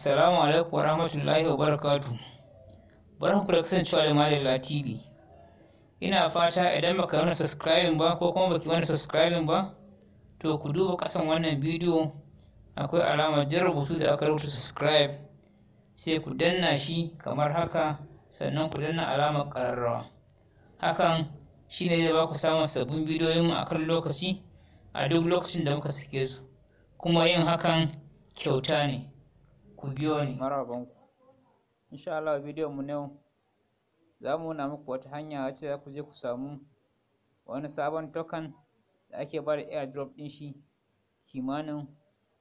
Assalamu alaikum wa rahmatullahi wa barakatu. Barkan ku da kasancewa da Malala TV. Ina fata idan baka wani subscribing ba ko kuma baki wani subscribing ba, to ku duba kasan wannan bidiyo akwai alamar jin rubutu da aka rubuta subscribe sai ku danna shi kamar haka sannan ku danna alamar ƙararrawa. Hakan shi ne zai ba ku samun sabbin bidiyoyin a kan lokaci a duk lokacin da muka sake su. Kuma yin hakan kyauta ne. ku biyo ni banku. insha Allah bidiyon mu ne za mu nuna muku wata hanya wacce za ku je ku samu wani sabon token da ake ba da airdrop ɗin shi kimanin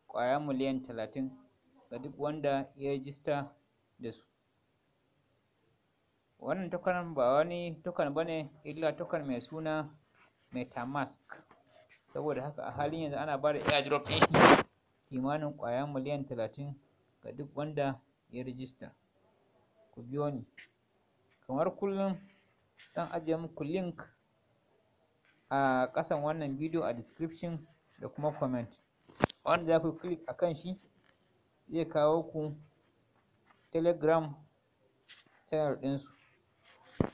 ƙwaya miliyan talatin ga duk wanda ya rijista da su wannan token ba wani token ba ne illa token mai suna metamask saboda haka a halin yanzu ana ba da airdrop ɗin shi kimanin kwaya miliyan talatin ga duk wanda ya rijista ku biyo ni kamar kullum zan ajiye muku link a ƙasan wannan bidiyo a description da kuma comment wanda za ku click a kan shi zai kawo ku telegram channel ɗinsu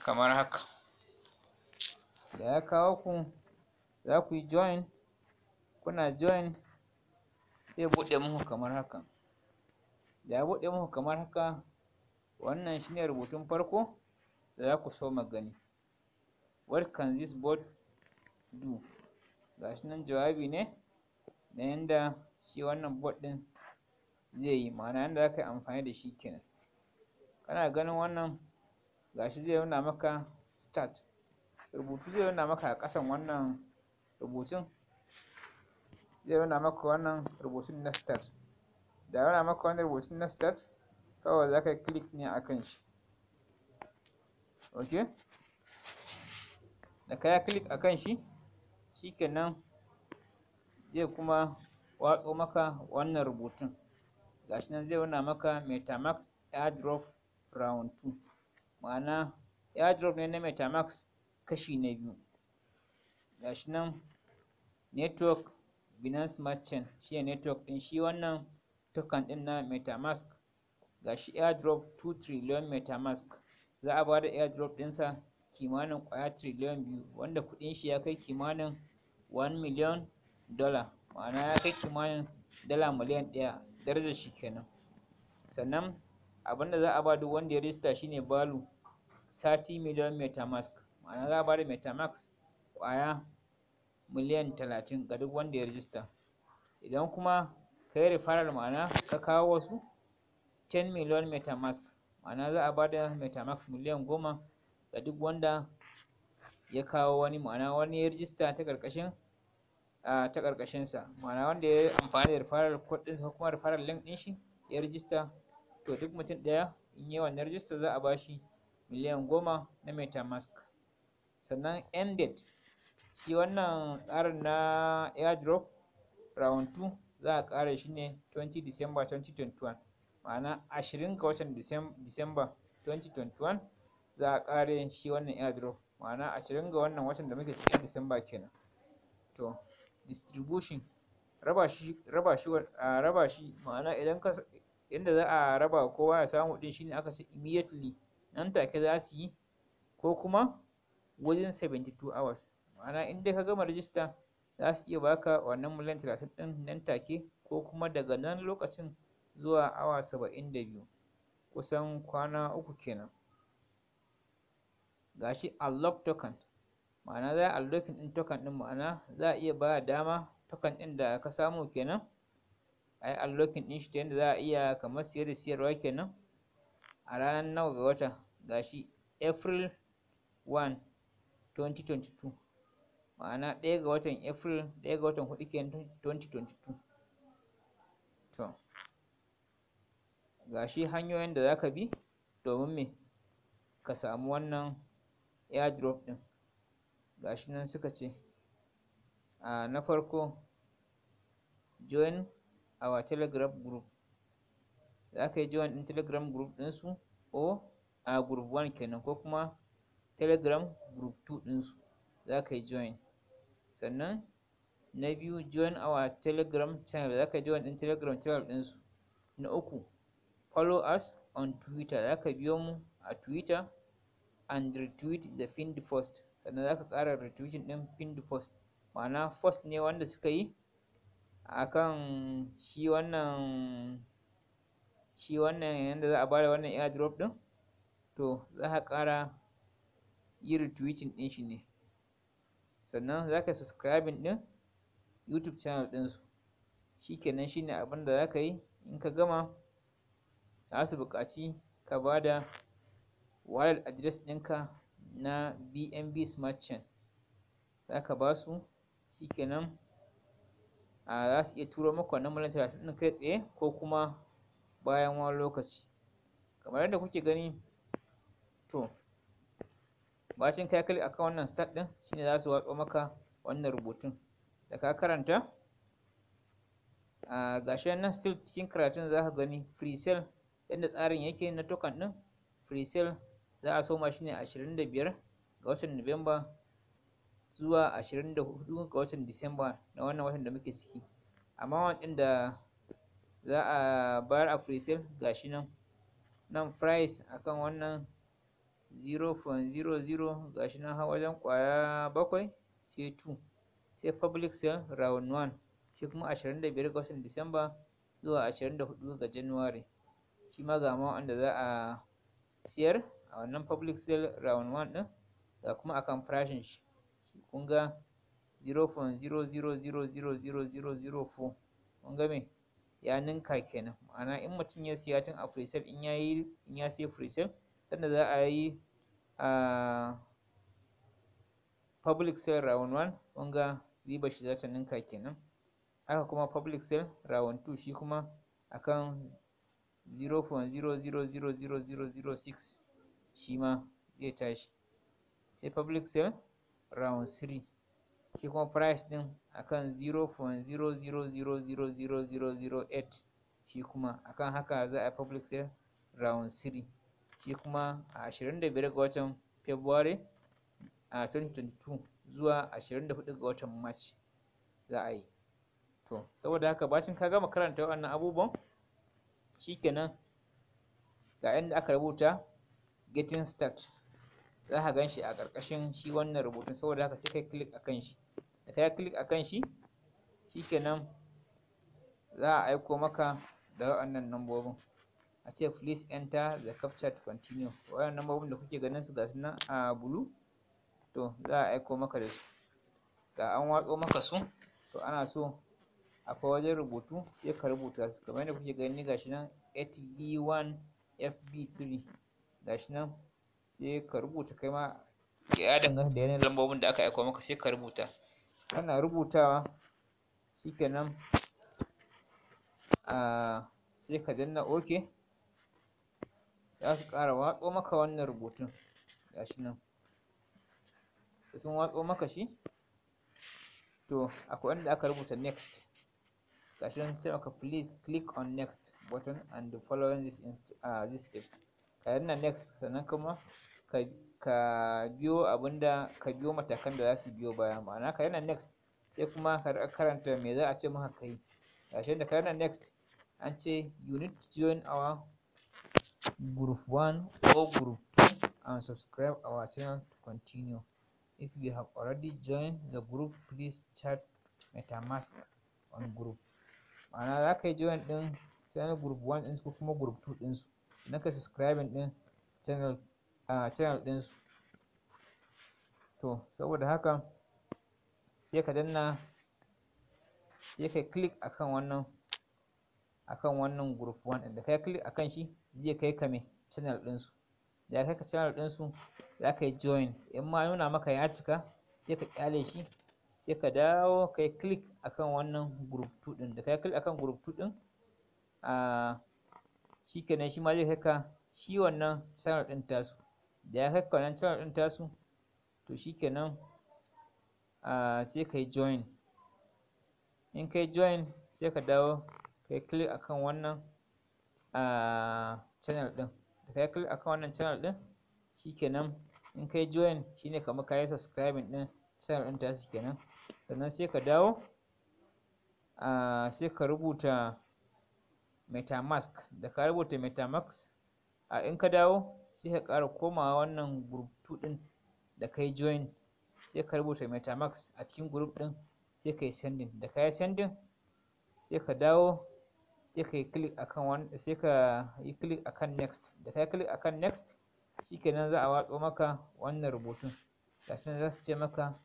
kamar haka da ya kawo ku za ku yi join kuna join zai buɗe muku kamar haka da ya buɗe muku kamar haka wannan shine rubutun farko da za ku so magani what can this board do Ga shi nan jawabi ne na yanda shi wannan board ɗin zai yi ma'ana yanda za ka yi amfani da shi kenan kana ganin wannan Ga shi zai nuna maka start rubutu zai nuna maka a ƙasan wannan rubutun zai nuna maka wannan rubutun na start da maka wani rubutu na start kawai za ka click ne a kan shi ok da kaya click a kan shi shikenan zai kuma watso maka wannan rubutun gashi nan zai wuna maka metamax airdrop round 2 ma'ana airdrop ne na metamax kashi na biyu gashi nan network binance smart shi ne network din shi wannan token ɗin na metamask gashi airdrop 2 trillion metamask za a bada airdrop sa kimanin ƙwaya trillion biyu wanda kuɗin shi ya kai kimanin 1 million dollar ma'ana ya kai kimanin dala miliyan ɗaya darajar shi kenan sannan abinda za a ba duk wanda ya rijista shine balu 30 million metamask ma'ana za a ba bada metamask kwaya miliyan talatin ga duk wanda ya rijista idan kuma kai referral ma'ana ka kawo wasu 10 million metamask ma'ana za a ba da metamask miliyan goma ga duk wanda ya kawo wani ma'ana wani ya rijista ta ƙarƙashin ta ƙarƙashinsa ma'ana wanda ya yi amfani da referral kuɗinsa ɗinsa ko kuma referral link ɗin shi ya rijista to duk mutum ɗaya in yi wannan rijista za a ba shi miliyan goma na metamask sannan ended shi wannan tsarin na airdrop round za a ƙara shi ne 20 December 2021 ma'ana 20 ga watan December 2021 za a ƙara shi wannan airdrop ma'ana 20 ga wannan watan da muke cikin December kenan to distribution raba shi raba shi raba shi ma'ana idan ka inda za a raba kowa ya samu din shine aka ce immediately nan take za su yi ko kuma within 72 hours ma'ana inda ka gama register za su iya baka wannan miliyan talatin ɗin nan take ko kuma daga nan lokacin zuwa awa saba'in da biyu kusan kwana uku kenan gashi unlock token ma'ana za a unlocking ɗin token ɗin ma'ana za a iya ba dama token ɗin da ka samu kenan a yi unlocking ɗin shi ta yadda za a iya kamar siyar da siyarwa kenan a ranar nawa ga wata gashi april 1 2022 ma'ana ɗaya ga watan april ɗaya ga watan hudu kenan 2022 to ga shi hanyoyin da za ka bi domin me ka samu wannan airdrop ɗin ga shi nan suka ce a na farko join our telegram group za ka yi join ɗin telegram group ɗinsu o a group 1 kenan ko kuma telegram group 2 ɗinsu za ka yi join sannan na biyu join our telegram channel za ka join ɗin telegram channel ɗinsu na uku follow us on twitter za ka biyo mu a twitter and retweet the pinned post sannan za ka ƙara retweeting ɗin pinned post ma'ana post ne wanda suka yi akan shi wannan shi wannan yanda za a bada wannan airdrop ɗin to za ka ƙara yi retweeting ɗin shi ne sannan za ka subscribing ɗin youtube channel ɗinsu shikenan shine abin da za ka yi in ka gama za su buƙaci ka ba da wallet address ɗinka na bnb smart chain za ka ba su shikenan a za su iya turo maka wannan mallan talatin ɗin kai tsaye ko kuma bayan wani lokaci kamar yadda kuke gani to bacin kai kai akan wannan start ɗin shine za su watsa maka wannan rubutun da ka karanta a ah, gashi nan still cikin karatun za ka gani free sale yadda tsarin yake na token ɗin free sale za a soma shi ne 25 ga watan Nuwamba zuwa 24 ga watan Disamba na wannan watan da muke ciki amma wannan da za a bayar a free sale gashi nan nan price akan wannan 0.00 gashi nan har wajen ƙwaya bakwai sai 2 sai public sale round 1 shi kuma 25 ga watan Disamba zuwa 24 ga January shi ma ga ma wanda za a siyar a wannan public sale round 1 din ga kuma akan farashin shi kun ga 0.00000004 kun ga me ya ninka kenan ma'ana in mutum ya siya tun a pre-sale in yayi in ya siya pre-sale Sanda za a yi a public sale round 1 kun ga shi za ta ninka kenan haka kuma public sale round 2 shi kuma akan 0.0000006 shi ma zai tashi sai public sale round 3 shi kuma price din akan 0.0000008 shi kuma akan haka za a public sale round 3 shi kuma a 25 ga watan February a 2022 zuwa 24 ga watan March za a yi. To, saboda haka bacin ka gama karanta wannan abubuwan shikenan ga yadda aka rubuta getting start za ka gan shi a ƙarƙashin shi wannan rubutun saboda haka sai kai click kan shi da kai click kan shi shikenan za a aiko maka da wannan lambobin a ce please enter the captcha to continue wayan nambobin da kuke ganin su ga su nan a blue to za a aiko maka da su ga an watso maka su to ana so akwai wajen rubutu sai ka rubuta su kamar yadda kuke gani gashi nan HB1 FB3 gashi nan sai ka rubuta kai ma ya danganta da yanayin lambobin da aka aiko maka sai ka rubuta kana rubutawa shikenan a ah, sai ka danna okay za su ƙara watso maka wannan rubutun ga shi nan sun watso maka shi to akwai wanda aka rubuta next ga shi nan sai aka please click on next button and the following this, uh, this steps ka yanna next sannan kuma ka ka biyo abinda ka biyo matakan da za su biyo baya ma'ana ka yana next sai kuma ka karanta me za a ce maka kai shi da ka yana next an ce you need to join our group 1 or group 2 and subscribe our channel to continue if you have already joined the group please chat metamask on group And I like yi join them channel group 1 kuma group 2 ɗinsu Like subscribe and then channel a channel ɗinsu to saboda haka ka danna sai can click akan wannan akan wannan group 1 da kai click akan shi zai kai ka me channel din su da kai ka channel din su za ka yi join in ma nuna maka ya cika sai ka kyale shi sai ka dawo kai click akan wannan group 2 din da kai click akan group 2 din a shikenan shi ma zai kai ka shi wannan channel din tasu da ya kai ka wannan channel din tasu to shikenan a sai yi join in kai join sai ka dawo kai click akan wannan a ah, channel din da kai click akan wannan channel ɗin shikenan in kai join shine kamar kayi subscribing ɗin channel ɗin tasu kenan sannan sai ka dawo a ah, sai ka rubuta metamask da ka rubuta metamask a ah, in ka dawo sai ka ƙara komawa wannan group 2 din da kai join sai ka rubuta metamask a cikin group ɗin sai ka yi sending da ka yi sending sai ka dawo sai ka yi click akan one sai ka yi click akan next da ka yi click akan next shikenan za a watso maka wannan rubutun gashi nan za su ce maka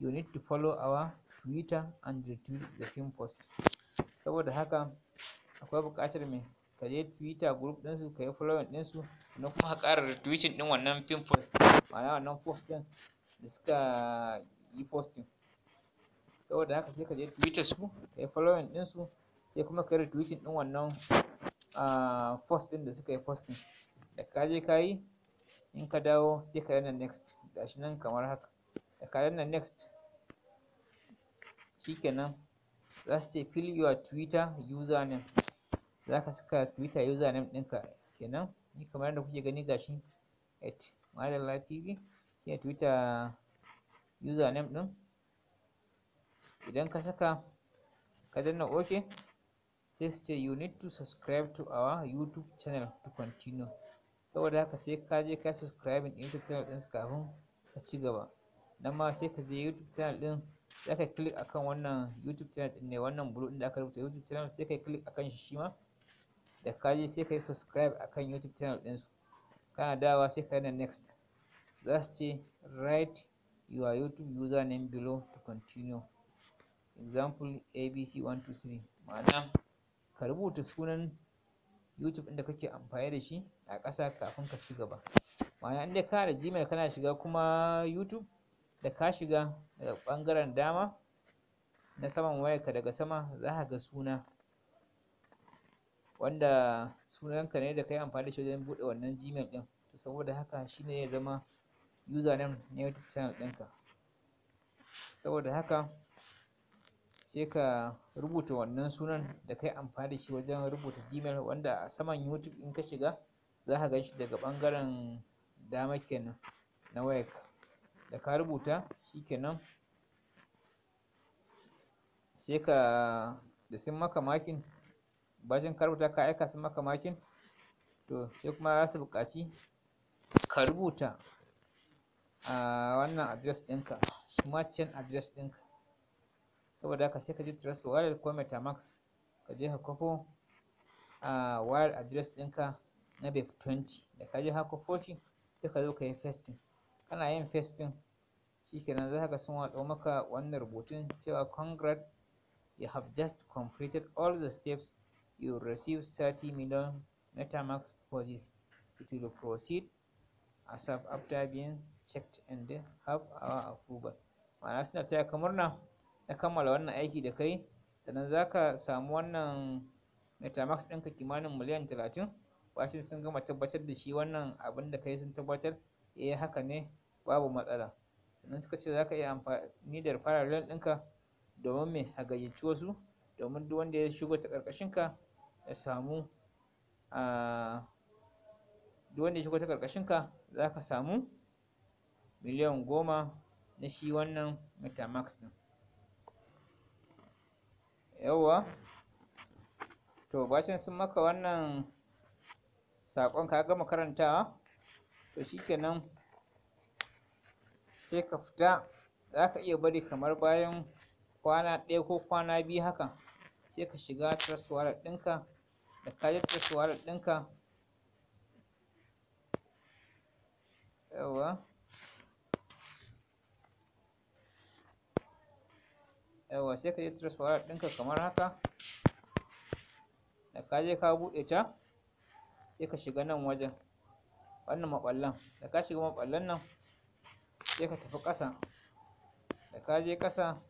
you need to follow our twitter and retweet the same post saboda haka akwai buƙatar me ka je twitter group ɗinsu ka yi following ɗinsu na kuma ƙara retweeting ɗin wannan pin post ma'ana wannan post ɗin da suka yi posting saboda haka sai ka je twitter su ka yi following ɗinsu sai kuma ka yi retweeting ɗin wannan ah, post ɗin da suka yi posting da ka je ka yi in ka dawo sai ka danna next gashi nan kamar haka da ka danna next shikenan za su ce fill your twitter username za ka saka twitter username ɗinka kenan ni kamar yadda kuke gani gashi at madalla tv ne twitter username ɗin idan ka saka ka danna okay sai su ce you need to subscribe to our youtube channel to continue saboda haka sai ka je ka subscribe din youtube channel din kafin ka ci gaba nan ma sai ka je youtube channel din sai ka click akan wannan youtube channel din ne wannan blue din da aka rubuta youtube channel sai ka click akan shi ma da ka je sai ka subscribe akan youtube channel din su kana dawa sai ka yi next za su ce write your youtube username below to continue example abc123 ma'ana ka rubuta sunan YouTube ɗin da kake amfani da shi a ƙasa kafin ka ci gaba ma'ana in dai ka da Gmail kana shiga kuma YouTube da ka shiga daga ɓangaren dama na saman wayarka daga sama za ka ga suna wanda sunanka ne da ka yi amfani da shi wajen buɗe wannan Gmail ɗin saboda haka shi ne ya zama username na YouTube channel ɗinka saboda haka sai ka rubuta wannan sunan da kai amfani da shi wajen rubuta gmail wanda a saman youtube in ka shiga za ka ganshi daga ɓangaren dama kenan na wayar da ka rubuta kenan sai ka da sun maka makin bacin ka rubuta ka aika sun maka makin to sai kuma za su buƙaci ka rubuta a ah, wannan address ɗinka smart chain address ɗinka saboda haka sai ka je trust wallet ko metamax ka je ka kwafo a wire address ɗinka na bep 20 da ka je haka shi sai ka zo ka yi festing kana yin festing shikenan za ka sun watsa maka wannan rubutun cewa congrat you have just completed all the steps you receive 30 million metamax purchase it will proceed as after being checked and have our approval ma'ana suna taya kamar na na kammala wannan aiki da kai sannan za ka samu wannan metamax ɗinka kimanin miliyan talatin bacin sun gama tabbatar da shi wannan abin da kai sun tabbatar eh haka ne babu matsala sannan suka ce za ka iya amfani da fararen ɗinka domin mai hagayyaci wasu domin duk wanda ya shigo ta ƙarƙashinka ya samu a duk wanda ya shigo ta ƙarƙashinka za ka samu miliyan goma na shi wannan metamax ɗin yawwa to bacin sun maka wannan saƙon ka gama karantawa to shikenan sai ka fita za ka iya bari kamar bayan kwana ɗaya ko kwana biyu haka sai ka shiga trust ɗinka da ka je ɗinka yawwa yawa sai ka je transfer ɗinka kamar haka da ka je ka buɗe ta sai ka shiga nan wajen wannan maɓallan da ka shiga maɓallan nan sai ka tafi ƙasa da ka je ƙasa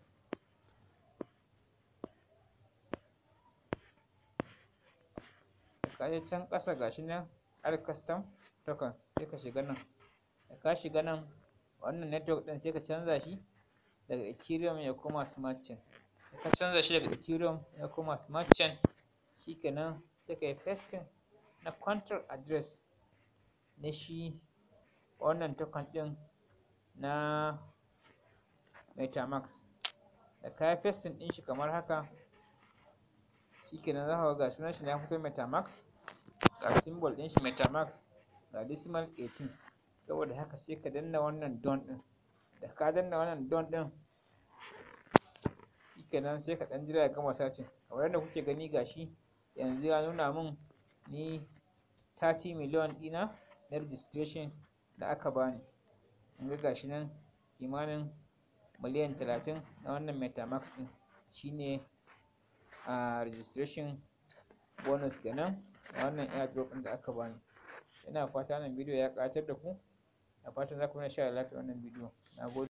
da ka je can ƙasa gashi nan al custom token sai ka shiga nan da ka shiga nan wannan network ɗin sai ka canza shi daga ethereum ya koma smart chain ka canza shi daga ethereum ya koma smart chain shikenan sai ka yi pasting na contract address na shi wannan token ɗin na metamax da ka pasting ɗin shi kamar haka shikenan za ka ga sunan shi ya fito metamax ga symbol ɗin shi metamax ga decimal 18 saboda haka sai ka danna wannan don ɗin da ka danna wannan don ɗin kenan sai ka ɗan jira ya gama sacin kamar yadda kuke gani gashi yanzu ya nuna min ni tati miliyon ɗina na registration da aka bani in ga gashi nan kimanin miliyan 30 na wannan metamax ɗin shine a registration bonus kenan a wannan airdrop din da aka bani ina fata wannan bidiyo ya ƙayatar da ku da fatan za ku na sha like wannan bidiyo I would.